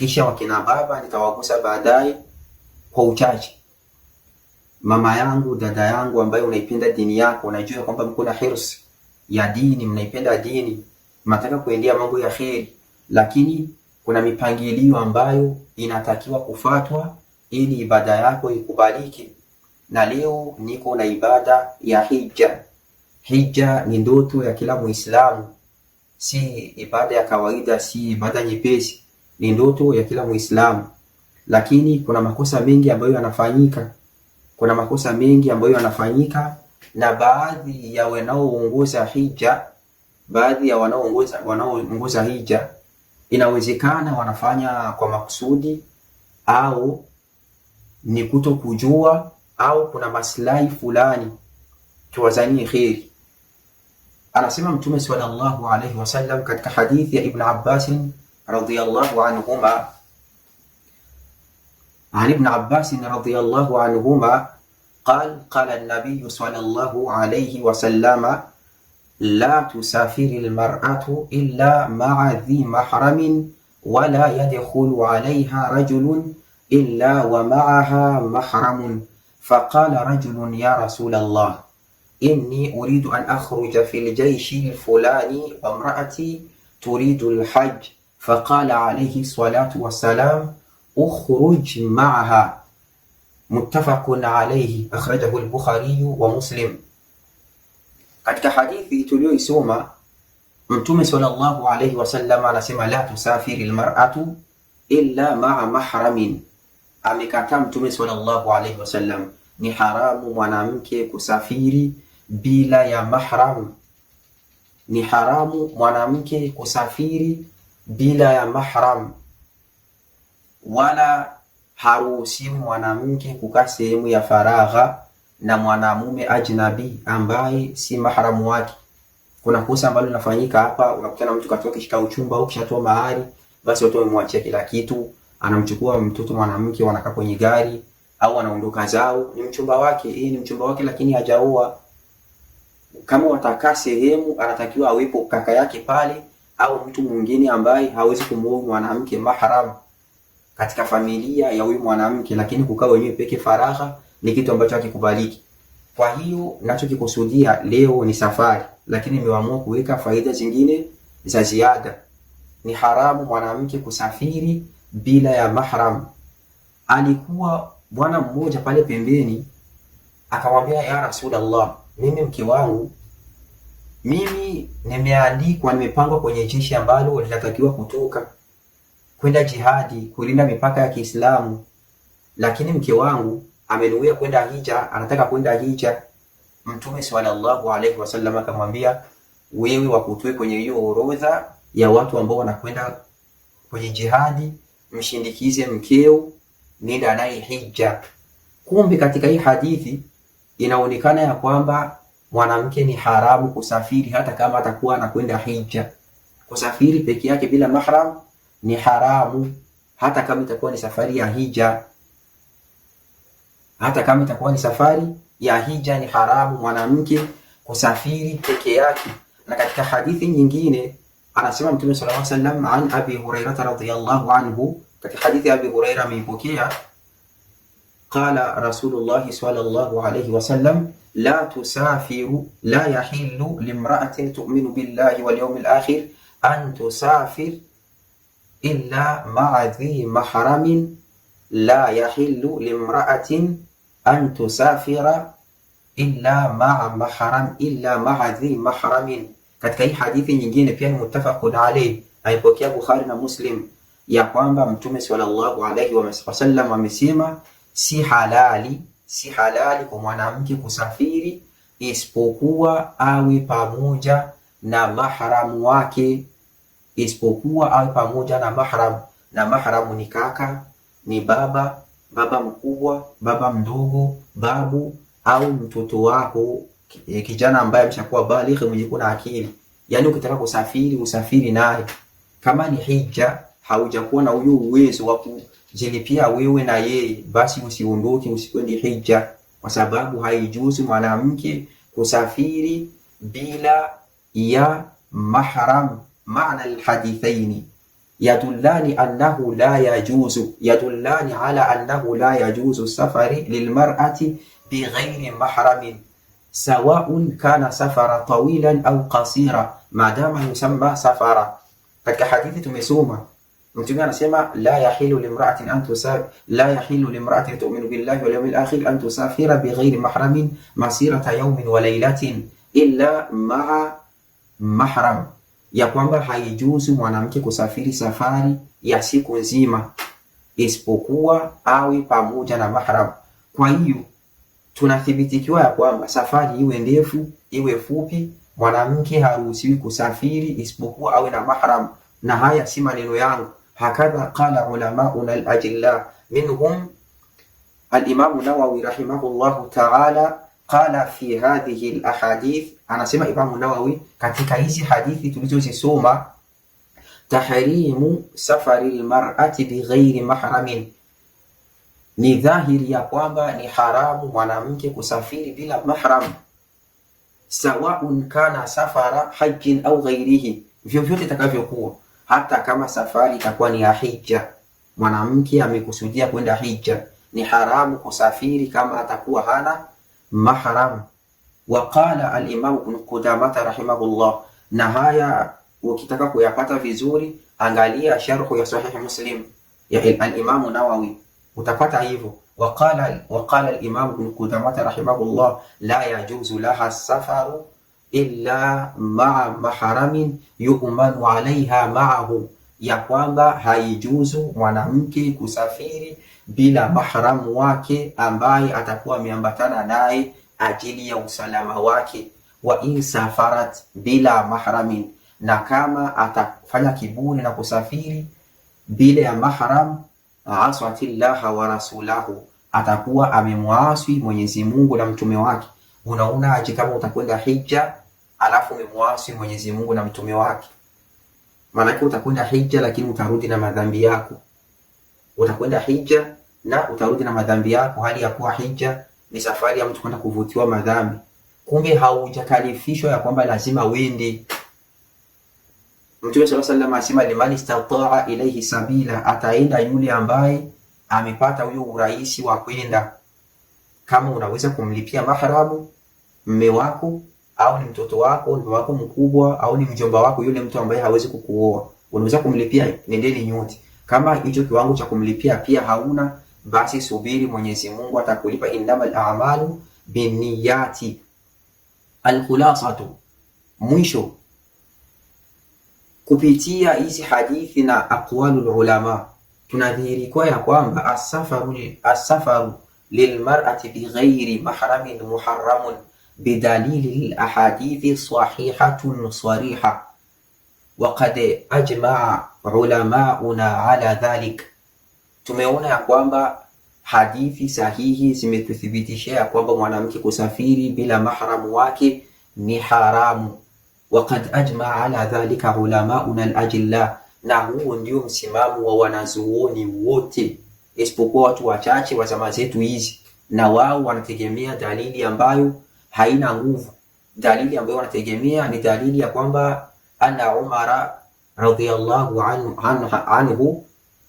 kisha wakina baba nitawagusa baadaye kwa uchache. Mama yangu, dada yangu, ambaye unaipenda dini yako, unajua kwamba mko na hirsi ya dini, mnaipenda dini, mnataka kuendea mambo ya kheri, lakini kuna mipangilio ambayo inatakiwa kufatwa ili ibada yako ikubaliki. Na leo niko na ibada ya hija. Hija ni ndoto ya kila Muislamu, si ibada ya kawaida, si ibada nyepesi ni ndoto ya kila Muislamu, lakini kuna makosa mengi ambayo yanafanyika, kuna makosa mengi ambayo yanafanyika na baadhi ya wanaoongoza hija, baadhi ya wanaoongoza wanaoongoza hija inawezekana wanafanya kwa makusudi au ni kuto kujua au kuna maslahi fulani, tuwazanie kheri. Anasema Mtume sallallahu alayhi wasallam katika hadithi ya Ibn Abbas رضي الله عنهما عن ابن عباس رضي الله عنهما قال قال النبي صلى الله عليه وسلم لا تسافر المرأة إلا مع ذي محرم ولا يدخل عليها رجل إلا ومعها محرم فقال رجل يا رسول الله إني أريد أن أخرج في الجيش الفلاني وامرأتي تريد الحج faqala alayhi salatu wassalam ukhruj ma'aha muttafaqun alayhi akhrajahu al-Bukhari wa Muslim. Katika hadithi tuliyoisoma Mtume sallallahu alayhi wasallam anasema la tusafiri almar'atu illa ma'a mahramin, amekataa Mtume sallallahu alayhi wasallam, ni haramu mwanamke kusafiri bila ya mahram, ni haramu mwanamke kusafiri bila ya mahram, wala haruhusi mwanamke kukaa sehemu ya faragha na mwanamume ajnabi ambaye si mahramu wake. Kuna kosa ambalo linafanyika hapa, unakutana mtu katoka kishika uchumba au kishatoa mahari, basi watu wamemwachia kila kitu, anamchukua mtoto mwanamke, wanakaa kwenye gari au anaondoka zao. Ni mchumba wake, hii ni mchumba wake, lakini hajaoa. Kama watakaa sehemu, anatakiwa awepo kaka yake pale au mtu mwingine ambaye hawezi kumuoa mwanamke mahram katika familia ya huyu mwanamke, lakini kukaa wenyewe peke faragha ni kitu ambacho hakikubaliki. Kwa hiyo nachokikusudia leo ni safari, lakini nimeamua kuweka faida zingine za ziada. Ni haramu mwanamke kusafiri bila ya mahram. Alikuwa bwana mmoja pale pembeni akamwambia, ya Rasulullah, mimi mke wangu mimi nimeandikwa, nimepangwa kwenye jeshi ambalo linatakiwa kutoka kwenda jihadi kulinda mipaka ya Kiislamu, lakini mke wangu amenuia kwenda hija, anataka kwenda hija. Mtume sallallahu alaihi wasallam akamwambia, wewe wakutoe kwenye hiyo orodha ya watu ambao wanakwenda kwenye jihadi, mshindikize mkeo, nenda naye hija. Kumbe katika hii hadithi inaonekana ya kwamba mwanamke ni haramu kusafiri hata kama atakuwa anakwenda hija. Kusafiri peke yake bila mahram ni haramu, hata kama itakuwa ni safari ya hija. Hata kama itakuwa ni safari ya hija, ni haramu mwanamke kusafiri peke yake. Na katika hadithi nyingine anasema Mtume sallallahu alaihi wasallam, an Abi Hurairah radhiyallahu anhu, katika hadithi ya Abi Hurairah ameipokea قال رسول الله صلى الله عليه وسلم لا تسافر لا يحل لامرأة تؤمن بالله واليوم الآخر أن تسافر إلا مع ذي محرم لا يحل لامرأة أن تسافر إلا مع محرم إلا مع ذي محرم katika hii hadithi nyingine pia ni mutafaqun alayh aipokea Bukhari na Muslim ya kwamba Mtume sallallahu alayhi wasallam amesema wa si halali si halali kwa mwanamke kusafiri isipokuwa awe pamoja na mahramu wake, isipokuwa awe pamoja na mahramu. Na mahramu ni kaka, ni baba, baba mkubwa, baba mdogo, babu au mtoto wako, eh, kijana ambaye ameshakuwa baligh, mwenye kuna akili. Yani ukitaka kusafiri usafiri naye, kama ni hija haujakuwa na huyo uwezo wa kujilipia wewe na yeye, basi usiondoke, usikwende hija, kwa sababu haijuzu mwanamke kusafiri bila ya mahram. Maana alhadithaini yadullani annahu la yajuzu, yadullani ala annahu la yajuzu safari lilmar'ati bighairi mahramin sawaun kana safara tawilan au qasira, maadama yusamma safara. Katika hadithi tumesoma Mtume anasema la yahilu limra'atin an tusafir la yahilu limra'atin tu'minu billahi wal yawmil akhir an tusafira bighairi mahramin masirata yawmin wa laylatin illa ma'a mahram, ya kwamba haijuzu mwanamke kusafiri safari ya siku nzima isipokuwa awe pamoja na mahram. Kwa hiyo tunathibitikiwa ya kwamba safari iwe ndefu iwe fupi, mwanamke haruhusiwi kusafiri isipokuwa awe na mahram, na haya si maneno yangu. Hakadha qala ulamauna al-ajilla minhum al-Imamu Nawawi rahimahullahu ta'ala qala fi hadhihi al-ahadith, anasema Imamu Nawawi katika hizi hadithi tulizozisoma, tahrimu safari al bighairi mahramin, ni dhahiri ya kwamba ni haramu mwanamke kusafiri bila mahram, sawaun kana safara hajjin au ghairihi, vyovyote itakavyokuwa hata kama safari itakuwa ni ya hija, mwanamke amekusudia kwenda hija, ni haramu kusafiri kama atakuwa hana mahram. Waqala al-Imam Ibn Qudamah rahimahullah. Na haya ukitaka kuyapata vizuri, angalia sharhu ya Sahih Muslim ya al-Imam Nawawi, utapata hivyo. Waqala waqala al-Imam Ibn Qudamah rahimahullah, la yajuzu laha safaru illa maa maharamin yuhmanu alaiha maahu, ya kwamba haijuzu mwanamke kusafiri bila mahramu wake ambaye atakuwa ameambatana naye ajili ya usalama wake. Wa in safarat bila mahramin, na kama atafanya kiburi na kusafiri bila ya mahram, aswatillaha wa rasulahu, atakuwa amemwasi Mwenyezi Mungu na mtume wake unaona unaonaje kama utakwenda hija alafu umemwasi Mwenyezi Mungu na mtume wake? Maanake utakwenda hija lakini utarudi na madhambi yako, utakwenda hija na utarudi na madhambi yako, hali ya kuwa hija ni safari ya mtu kwenda kuvutiwa madhambi. Kumbe haujakalifishwa ya kwamba lazima uende. Mtume sallallahu alayhi wasallam asema liman istataa ilaihi sabila, ataenda yule ambaye amepata huyo urahisi wa kwenda kama unaweza kumlipia mahramu mme wako au ni mtoto wako, mme wako mkubwa au ni mjomba wako, yule mtu ambaye hawezi kukuoa, unaweza kumlipia, nendeni nyote. Kama hicho kiwango cha kumlipia pia hauna, basi subiri, Mwenyezi Mungu atakulipa. Innamal a'malu binniyati. Alkhulasatu, mwisho kupitia hizi hadithi na aqwalul ulama tunadhihirikwa ya kwamba asafaru asafaru lilmar'ati bighairi mahramin muharramun bidalili lahadithi sahihatun sariha wakad ajmaa ulamauna ala dhalik, tumeona ya kwamba hadithi sahihi zimetuthibitishia ya kwamba mwanamke kusafiri bila mahramu wake ni haramu. Wakad ajmaa ala dhalika ulamauna alajilla, na huo ndio msimamo wa wanazuoni wote isipokuwa watu wachache wa zama zetu hizi, na wao wanategemea dalili ambayo haina nguvu. Dalili ambayo wanategemea ni dalili ya kwamba anna Umara radhiyallahu anhu, anhu,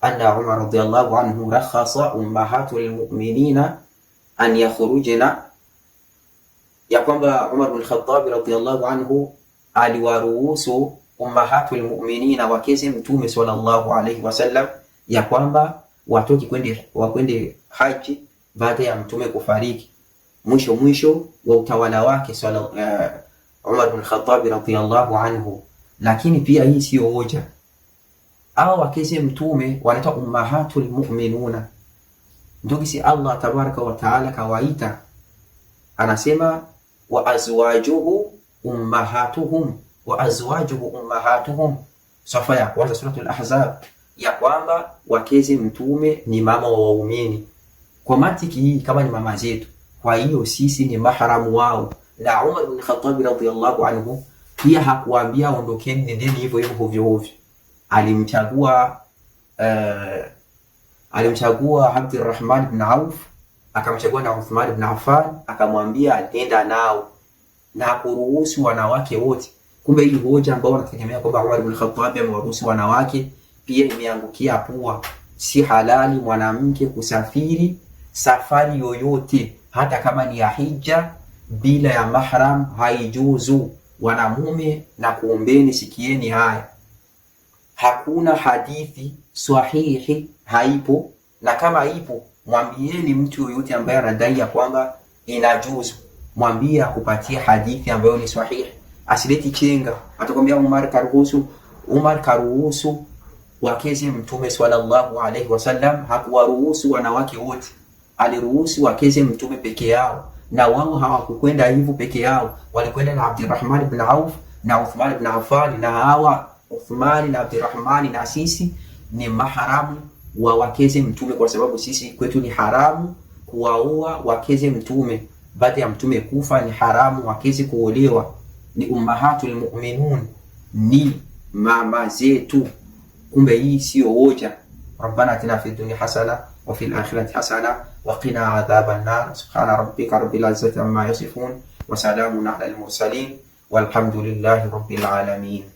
anna Umar radhiyallahu anhu rakhasa ummahatu lilmu'minina an yakhrujna, ya kwamba Umar bin Khattab radhiyallahu anhu aliwaruhusu ummahatu lilmu'minina wakeze Mtume sallallahu alayhi wasallam ya kwamba watoki kwende wakwende haji baada ya mtume kufariki. Mwisho mwisho wa utawala wake sala, uh, Umar bin Khattab radhiyallahu anhu. Lakini pia hii sio hoja, au wakeze mtume wanaita ummahatul mu'minuna. Ndogisi Allah tabaraka wa taala kawaita, anasema wa azwajuhu ummahatuhum wa azwajuhu ummahatuhum, safa ya kwanza suratul Ahzab ya kwamba wakeze mtume ni mama wa waumini. Kwa mantiki hii, kama ni mama zetu, kwa hiyo sisi ni mahramu wao. Na Umar bin Khattab radhiyallahu anhu pia hakuambia ondokeni, nendeni hivyo hivyo hovyo hovyo, alimchagua uh, alimchagua Abdurrahman bin Auf akamchagua na Uthman bin Affan akamwambia nenda nao na kuruhusu wanawake wote. Kumbe hii hoja ambao wanategemea kwamba Umar bin Khattab amewaruhusu wanawake pia imeangukia pua. Si halali mwanamke kusafiri safari yoyote, hata kama ni ya hija, bila ya mahram, haijuzu. Wanamume na kuombeni, sikieni haya, hakuna hadithi sahihi, haipo, na kama ipo mwambieni mtu yoyote ambaye anadai ya kwamba inajuzu, mwambie akupatie hadithi ambayo ni sahihi, asileti chenga. Atakwambia Umar karuhusu, Umar karuhusu wakezi Mtume sallallahu alaihi wasallam hakuwaruhusu wanawake wote, aliruhusu wakezi Mtume peke yao, na wao hawakukwenda hivyo peke yao, walikwenda na Abdurrahman ibn Auf na Uthman ibn Affan, na hawa Uthman na Abdurrahman na sisi ni maharamu wa wakezi Mtume, kwa sababu sisi kwetu ni haramu kuwaoa wakezi Mtume baada ya Mtume kufa, ni haramu wakezi kuolewa. Ni ummahatul mu'minun, ni mama zetu. kumbe hii sio woja. Rabbana atina fid dunya hasana wa fil akhirati hasana wa qina adhaban nar. Subhana rabbika rabbil izzati amma yasifun wa salamun ala al mursalin walhamdulillahi rabbil alamin.